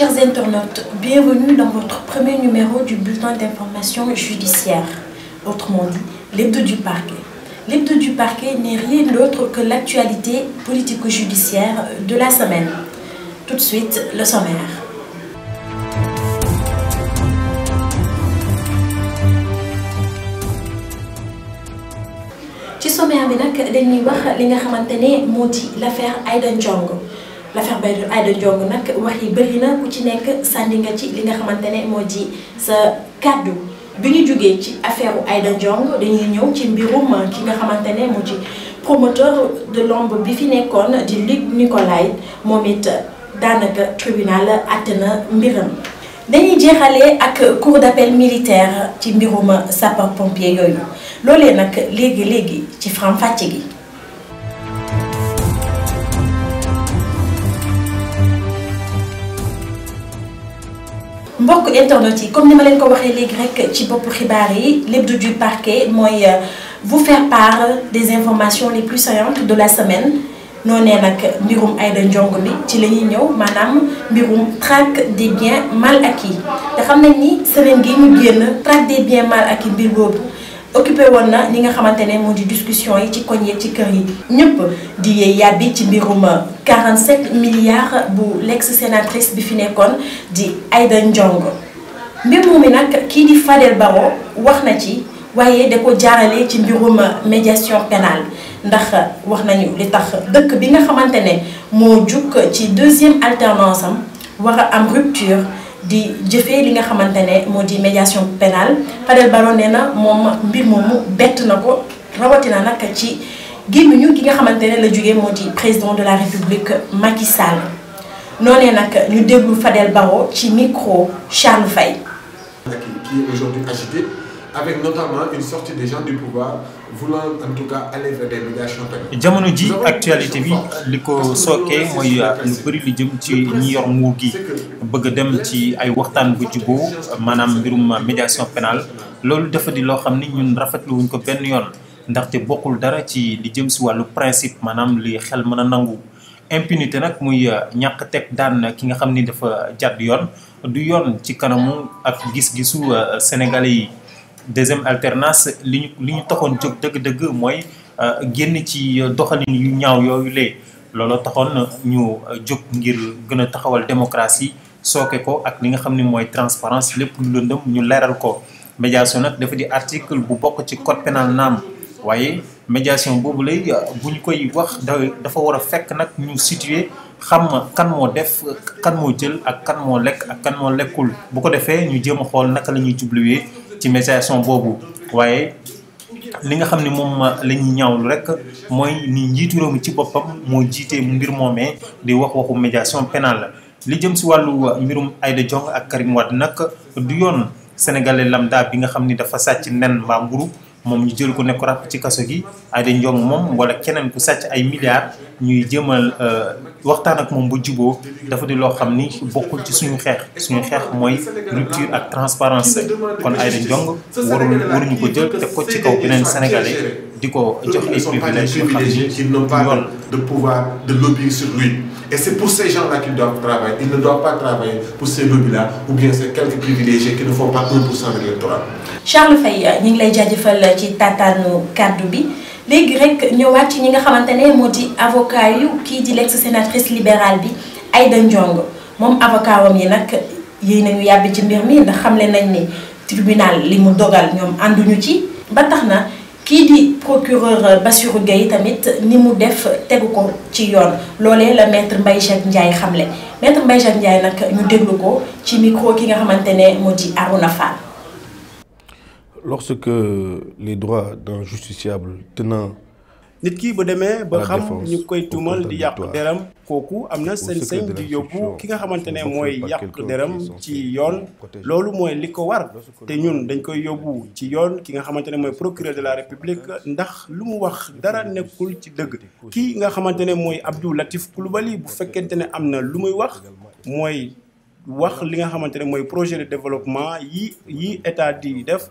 Chers internautes, bienvenue dans votre premier numéro du bulletin d'information judiciaire, autrement dit, l'hebdo du parquet. L'hebdo du parquet n'est rien d'autre que l'actualité politico-judiciaire de la semaine. Tout de suite, le sommaire. l'affaire Aydan Django l'affaire Baye Aïda Ndiongue nak wax yi bëri na ku ci nek sànni nga ci li nga xamantene mo moo sa cadeau bi ñu jógee ci affaire Aïda Ndiongue dañuy ñëw ci mbirum ki nga xamantene mo moo ci promoteur de l'ombre bi fi nekkoon di Luc Nicolaï momit danaka tribunal atena na mbiram. dañuy jeexalee ak cour d'appel militaire ci mbirum sapeur pompier yooyu loolee nak léegi léegi ci faram-fàcce Bok internet comme ni ma leen ko waxee léegi rek ci bopp xibaar yi l'hebdo du parquet mooy euh, vous faire part des informations les plus saillantes de la semaine noonee nag mbirum Aïda Ndiongue bi ci la ñuy ñëw maanaam traque des biens mal acquis te xam nañ ni semaine gi ñu génn traque des biens mal acquis bilbo occupé woon na ñi nga xamante ne di discussion yi ci koñ ci kër yi ñëpp di yee yàbbi ci mbirum 47 milliards bu l'ex sénatrice bi fi nekkoon di Aïda Ndiong mbir moomi nak ki di Fadel Barro wax na ci wayé da ko jaarale ci mbirum médiation pénale ndax wax nañu li tax dëkk bi nga xamantene mo juk ci deuxième alternance am war am rupture di jëfee li nga xamante médiation pénale Fadel Barro nee na moom mbir moomu bett na ko rawatina nag ci gémmiñu nga xamante la président de la république Macky Sall noonee nag ñu déglu Fadel Barro ci micro Charles Faye avec notamment une sortie des gens du pouvoir voulant en tout cas aller vers des médiations tamit. jamono actualité bi li ko sookee mooy euh, lu bëri li jëm ci ñi yor nguur bëgg a dem ci ay waxtaan bu médiation pénale Lolu dafa di loo xam ni ñun rafetlu wuñ ko benn yoon ndaxte bokkul dara ci li jëm si wàllu principe maanaam li xel mën a nangu. impunité nag muy euh, ñàkk teg daan ki nga xam ni dafa jàdd yoon du yoon ci kanamu ak gis-gisu euh, sénégalais yi. deuxième alternance li ñu li ñu taxoon jóg dëgg-dëgg mooy euh, génn ci doxalin yu ñaaw yooyu lee looloo taxoon ñu jóg ngir gën a taxawal démocratie sooke ko ak li nga xam ne mooy transparence lépp lu lëndëm ñu leeral ko médiation nag dafa di article bu bokk ci code pénal naam waaye médiation boobu lay euh, bu ñu koy wax dafa war a fekk nag ñu situer xam kan moo def kan moo jël ak kan moo lekk ak kan moo lekkul bu ko defee ñu jéem a xool naka la ñuy jubluwee ci médiation boobu waaye li nga xam ne moom la ñuy rek mooy ni njiitu réew ci boppam moo jiitee mbir moomee di wax waxu médiation pénale li jëm si wàllu mbirum Aïda Diong ak Karim Wade nag du yoon sénégalais lambda bi nga xam ni dafa sàcc nen mbaa mburu mom ñu jël ko ne ko ràpp ci kasso gi Aida Ndiongue mom wala keneen ku sàcc ay milliards ñuy jëmal euh, waxtaan ak mom bu juboo dafa di lo xamni bokul ci suñu xex suñu xex moy rupture ak transparence kon Aida Ndiongue waruñu ñu ko jël te ko ci kaw benen sénégalais diko jox ay privilèges yoo qui n'ont pas de pouvoir de lobby sur lui et c'est pour ces gens-là qu'ils doivent travailler ils ne doivent pas travailler pour ces lobbies-là ou bien c'est quelques privilégiés qui ne font pas 1% de l'électorat Charles Faye ñu ngi lay jaajëfal ci taataanu kàddu bi léegi rek ñëwaat ci ñi nga xamante avocat yu kii di l'ex sénatrice libérale bi Aïda Ndiongue moom avocat wam yi nag yéy nañu yàbbi ci mbir mi ndax xamle nañ ni tribunal li mu dogal ñoom ànduñu ci ba tax na di procureur Bassirou Gueye tamit ni mu def tegu ko ci yoon lolé la maître Mbaye Jacques Ndiaye xamle maître Mbaye Jacques Ndiaye nak ñu déglu ko ci micro ki nga xamante ne moo di Arouna Fall lorsque les droits d'un justiciable tenant nit ki bu demee ba xam ñu koy tuumal di yàq deram kooku am na sañ-sañ di yóbbu ki nga xamante ne mooy yàq deram ci yoon loolu mooy li ko war te ñun dañ koy yóbbu ci yoon ki nga xamante ne mooy procureur de la république ndax lu mu wax dara nekkul ci dëgg ki nga xamante ne mooy Abdou Latif Kulbali, bu fekkente ne am na lu muy wax mooy wax li nga xamante ne mooy projet de développement yi yi état di def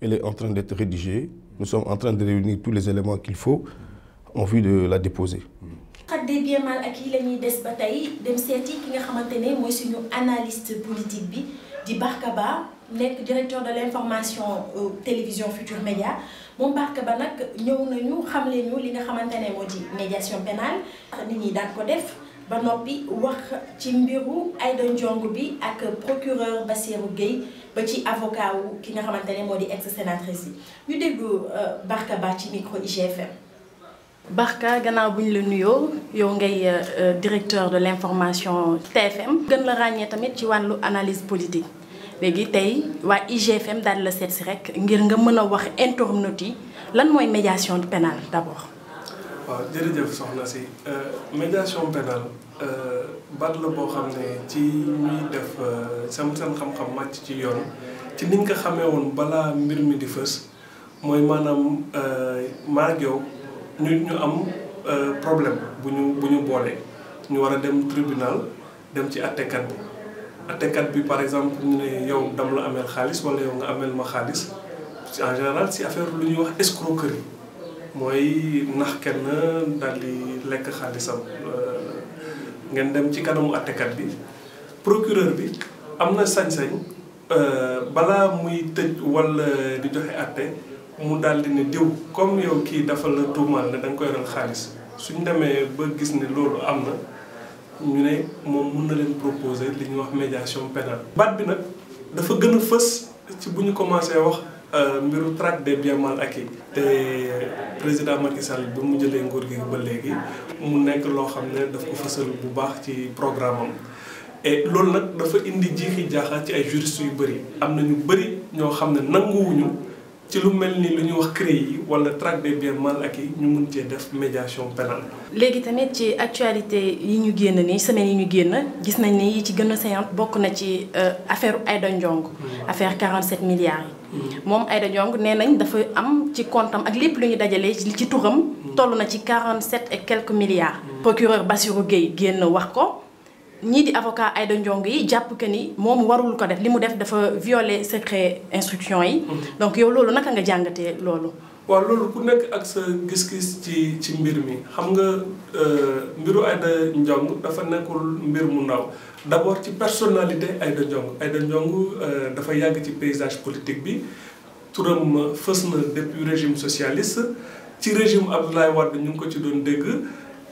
Elle est en train d'être rédigée. Nous sommes en train de réunir tous les éléments qu'il faut en vue de la déposer. Je bien mal ak yi la ñuy des batailles tey dem seeti ki nga xamante ne analyste politique bi di Barkaba nekk directeur de l'information euh, télévision Futur Média Mon Barkaba nak ñëw nañu xamle ñu li nga médiation pénale nit ñi daan ko def ba noppi wax ci mbiru Aïda bi ak procureur Bassirou Gueye Petit avocat ou ki nga xamante ne moo di sénatrice Nous ñu dégg euh, Barka Ba ci micro IGFM. Barka gannaaw bu ñu la nuyoo yow ngay euh, euh, directeur de l'information TFM. gën la ràññee tamit ci wàllu analyse politique léegi tey wa IGFM daal la seet si rek ngir nga mëna wax internautes lan moy médiation pénale d'abord waaw jërëjëf soxna si euh, médiation pénale euh, bat la boo xam ne ci ñuy def euh, seen seen xam-xam màcc ci yoon ci ni nga xamee woon balaa mbir mi di fës mooy maanaam maa yow ñu ñu am problème bu ñu bu ñu boolee ñu war a dem tribunal dem ci attekat bi attekat bi par exemple ñu ne yow dam la amel xaalis wala yow nga ameel ma xaalis en général si affaire lu ñuy wax escroquerie moy nax kenn dal di lekk xaalisa eh, ngeen dem ci kanamu attekat bi procureur bi am na sañ-sañ eh, bala muy tëj wala di joxe atte mu dal di ne diw comme yow kii dafa la tuumaal ne da nga koy ral xaalis suñ demee ba gis ne loolu am na ñu ne moom mun na leen proposer li ñuy wax médiation pénale bat bi nag dafa gën a ci bu commencé wax Euh, mbiru traque des biens mal acquis te président Macky Sall bi mu jëlee nguur gi ba léegi mu nekk loo xam ne daf ko fësal bu baax ci programme am loolu nag dafa indi jiixi jaaxa ci ay juristes yu bëri am na ñu bëri ñoo xam ne nanguwuñu ci lu mel ni lu ñuy wax créé yi wala traque des biens mal ak ñu mun cee def médiation pénale. léegi tamit ci actualité yi ñu génn nii semaine yi ñu génn gis nañ ni yi ci gën a séant bokk na ci euh, affaire Aïda Ndiong. Hmm. affaire 47 milliards yi. Hmm. moom Aïda Ndiong nee nañ dafa am ci comptam ak lépp lu ñu dajalee ci turam. Hmm. toll na ci 47 et quelques milliards. procureur Bassirou Gueye génn wax ko. ñii di avocat Aïda Ndiongue yi jàpp que ni moom warul ko def li mu def dafa violer secret instruction yi. Mm-hmm. donc yow loolu naka nga jàngatee loolu. waaw loolu ku nekk ak sa gis-gis ci ci mbir mi xam nga euh, mbiru Aïda Ndiongue dafa nekkul mbir mu ndaw d'abord ci personnalité Aïda Ndiongue Aïda Ndiongue euh, dafa yàgg ci paysage politique bi turam euh, fës na depuis régime socialiste ci régime Abdoulaye Wade ñu ngi ko ci doon dégg.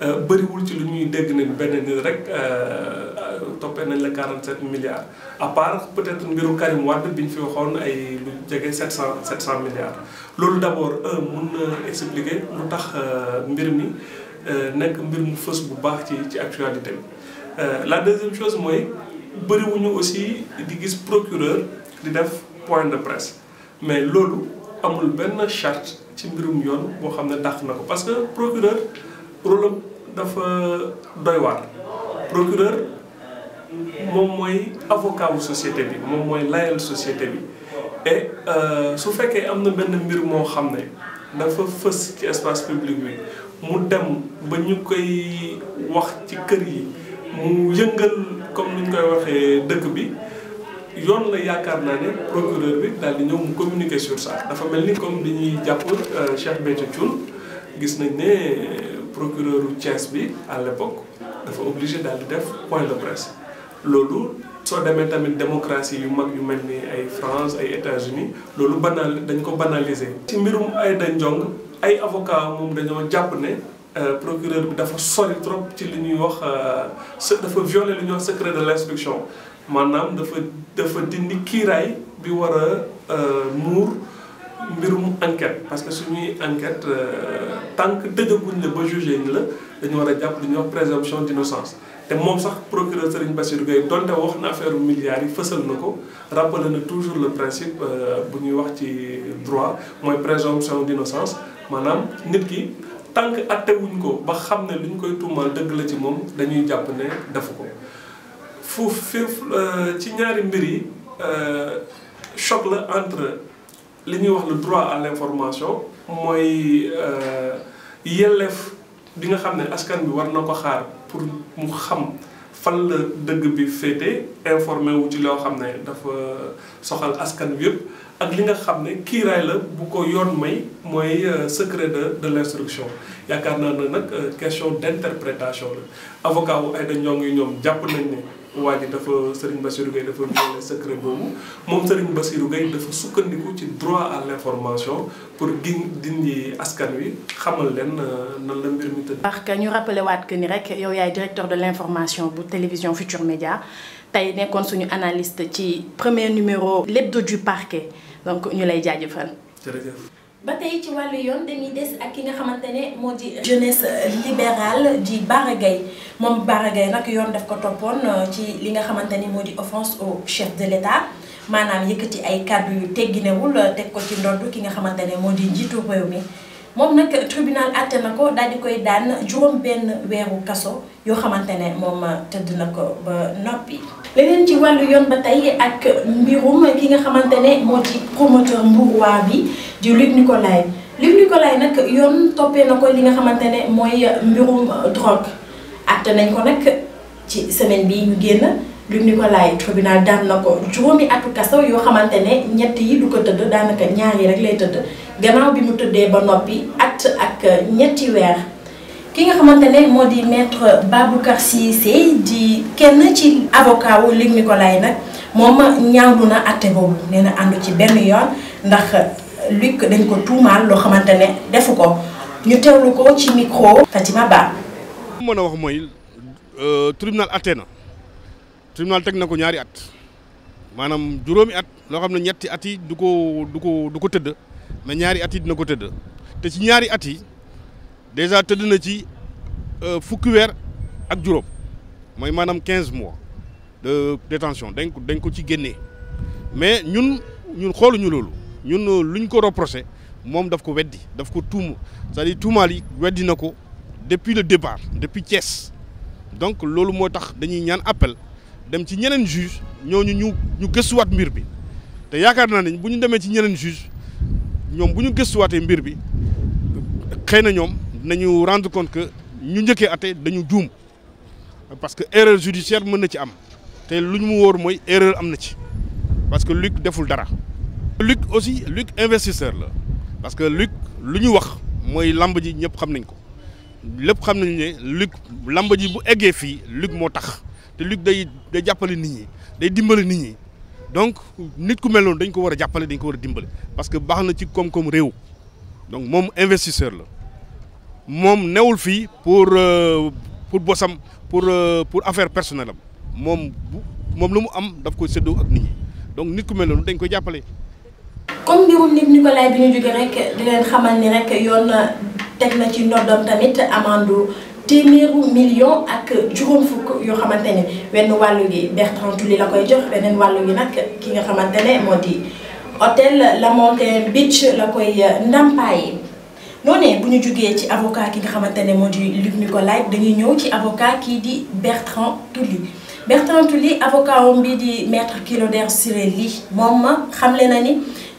Euh, bëriwul ci lu ñuy dégg ne benn nit rek euh, euh, toppee nañ la 47 milliards à part peut-être mbiru Karim Wade bi ñu fi waxoon ay lu jege 700 700 milliards. loolu d'abord un mun na expliquer lu tax mbir mi nekk mbir mu fës bu baax ci ci actualité bi la deuxième chose mooy bëriwuñu aussi di gis procureur di def point de presse mais loolu amul benn charte ci mbirum yoon boo xam ne tax na ko parce que procureur. pour rôlam dafa doy waar procureur moom mooy avocat wu société bi moom mooy layal société bi et euh, su fekkee am na benn mbir moo xam ne dafa fës ci espace public bi mu dem ba ñu koy wax ci kër yi mu yëngal comme ni koy waxee dëkk bi yoon la yaakaar naa ne procureur bi daal di ñëw mu communiquer sur dafa mel ni comme di ñuy jàpp euh, Cheikh Béthio Thioune gis nañ ne procureur u Thiès bi à l'époque dafa obligé dal di def point de presse loolu soo demee tamit démocratie yu mag yu mel ni ay France ay États-Unis loolu banal dañ ko banaliser ci mbirum dañ jong ay avocat moom dañoo jàpp ne euh, procureur bi dafa sori trop ci li ñuy wax euh, dafa violer li ñuy wax secret de l'instruction maanaam dafa dafa dindi kiiraay bi war a euh, muur mbirum enquête parce que suñuy enquête euh, tant que tëjaguñ le ba jugé ni la dañu war a jàpp lu présomption d'innocence té mom sax procureur Serigne Bassirou Gueye donté wax na affaire milliards yi fësal nako rappelé na toujours le principe euh, bu ñuy wax ci droit moy présomption d'innocence manam nit ki tant que atte wuñ ko ba xamné luñ koy tumal dëgg la ci mom dañuy japp né defu ko fu euh, ci ñaari mbir yi choc la entre li ñuy wax lu droit à l'information mooy euh, yelleef bi nga xam ne askan bi war na ko xaar pour mu xam fan la dëgg bi féete informé wu ci loo xam ne dafa soxal askan bi yëpp ak li nga xam ne kiiraay la bu ko yoon may mooy euh, secret de de l'instruction yaakaar naa ne nag euh, question d'interprétation la avocat wu Aïda Ndiongue ñoom jàpp nañ ne waa ji dafa Serigne Bassirou Gueye dafa violé secret boobu moom Serigne Bassirou Gueye dafa sukkandiku ci droit à l'information pour gin dindi askan wi xamal leen euh, nan la mbir mi tëdd. parce que ñu rappelé waat que ni rek yow yaay directeur de l'information bu télévision Futur Média tey nekkoon suñu analyste ci premier numéro l'hebdo du parquet donc ñu lay jaajëfal. jërëjëf. ba tey ci wàllu yoon dañuy des ak ki nga xamante ne moo di jeunesse euh, libérale di Bara moom Bara Gaye nag yoon def ko toppoon euh, ci li nga xamante ni moo di offense au chef de l'État maanaam yëkkati ay kàddu yu tegginewul euh, teg ko ci ndodd ki nga xamante ne moo di njiitu réew mi moom nag tribunal àtte na ko daal di koy daan juróom benn weeru kaso yoo xamante ne moom tëdd na ko ba noppi. leneen ci wàllu yoon ba tey ak mbirum ki nga xamante ne moo ci promoteur mburuwaa bi di Luc Nicolaï Luc Nicolaï nag yoon toppee na ko li nga xamante ne mooy mbirum drogue àtte nañ ko nag ci semaine bi ñu génn. Luc Nicolas tribunal dame na ko juróomi atu kaso yoo xamante ne ñett yi du ko tëdd daanaka ñaar yi rek lay tëdd gannaaw bi mu teudé ba nopi at ak ñetti weer ki nga xamantene modi moo di maître Baboucar Cissé di kenn ci avocat wu Luc Nicolas nak mom ñaawlu atté atte boobu nee na ci benn yoon ndax Luc dañ ko tuumal lo xamantene ne defu ko ñu téwlu ko ci micro Fatima Ba. mëna wax moy euh tribunal atte na tribunal tek nous ñaari at manam at lo xamne ñetti du duko du mais ñaari at dina ko teud te ci ñaari déjà teud na ci euh, fukki ak 15 mois de détention dañ ko ci mais ñun ñun ñu nous ñun euh, luñ ko reprocher mom daf ko weddi daf ko c'est-à-dire tuumaal weddi depuis le départ depuis Thiès donc lolu motax dañuy ñaan appel dem ci ñeneen juge ñoo ñu ñu wat mbir bi te yaakaar naa ne bu ñu ci ñeneen juge ñom buñu ñu waté mbir bi xeyna ñom ñoom nañu rendre compte que ñu ñëkke ate dañu juum parce que erreur judiciaire mën ci am te luñ mu wor moy erreur am na ci parce que Luc deful dara. Luc aussi Luc investisseur la parce que Luc luñu wax moy lamb ji ñëpp xam nañ ko lepp xam nañ ne Luc lamb ji bu éggé fi Luc mo tax te Luc day day jappalé nit ñi donc nit ku mel dañ ko dañ parce que donc investisseur la newul pour euh, pour bosam pour euh, pour affaire personnelle mom mom am daf ko ak donc nit ku mel dañ comme nit Nicolas bi ñu rek di xamal ni rek téeméeru million ak juróom fuk yo xamantene wenn walu gi Bertrand Tuli la koy jox benen walu gi nak ki nga xamantene modi moo la hôtel Beach la koy euh, ndàmpaay noonee buñu ñu ci avocat ki nga xamantene modi Luc Nicolaï dañuy ñëw ci avocat ki di Bertrand Tuli Bertrand Tuli avocat wam bi di maître Clotaire Ciré mom moom xamle na ni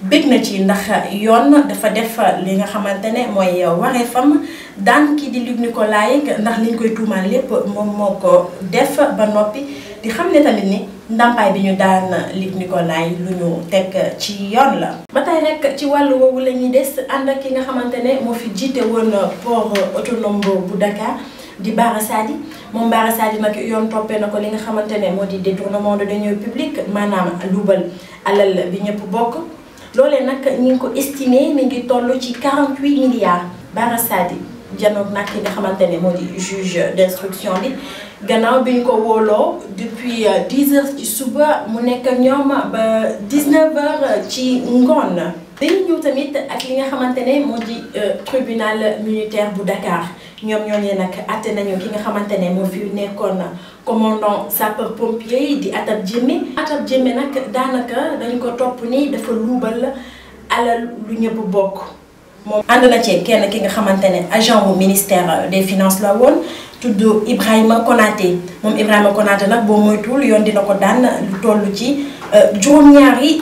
bég na ci ndax yoon dafa def li nga xamante ne mooy fam daan kii di Luc Nicolaï ndax liñ koy tuumaan lépp moom moo ko def ba noppi di xam ne tamit ni ndàmpaay bi ñu daan Luc Nicolaï lu ñu teg ci yoon la. ba tey rek ci wàll woowu la ñuy des ànd ak ki nga xamante ne moo fi jiite woon port autonome bu Dakar. di Bara Sady moom Bara nag yoon toppee na ko li nga xamante ne moo di détournement de deniers publics maanaam luubal alal bi ñëpp bokk. Nous nak ñing ko estimé mi ngi tollu 48 milliards Bara Sady janoog nag nga juge d'instruction bi gannaaw bi ñu ko depuis 10 euh, heures ci suba mu nekk ñom ba 19 heures ci ngoon dañu ñu tamit ak li nga euh, tribunal militaire de Dakar ñoom ñooñee nag até nañu ki nga vu ne commandant sapeur pompier di Atab Atab dañ ko top ni dafa loubal alal lu ñepp le mom and na ci kenn ki nga agent ministère des finances la woon Ibrahima Konaté Ibrahima Konaté qui yoon nako daan lu tollu ci euh, ñaari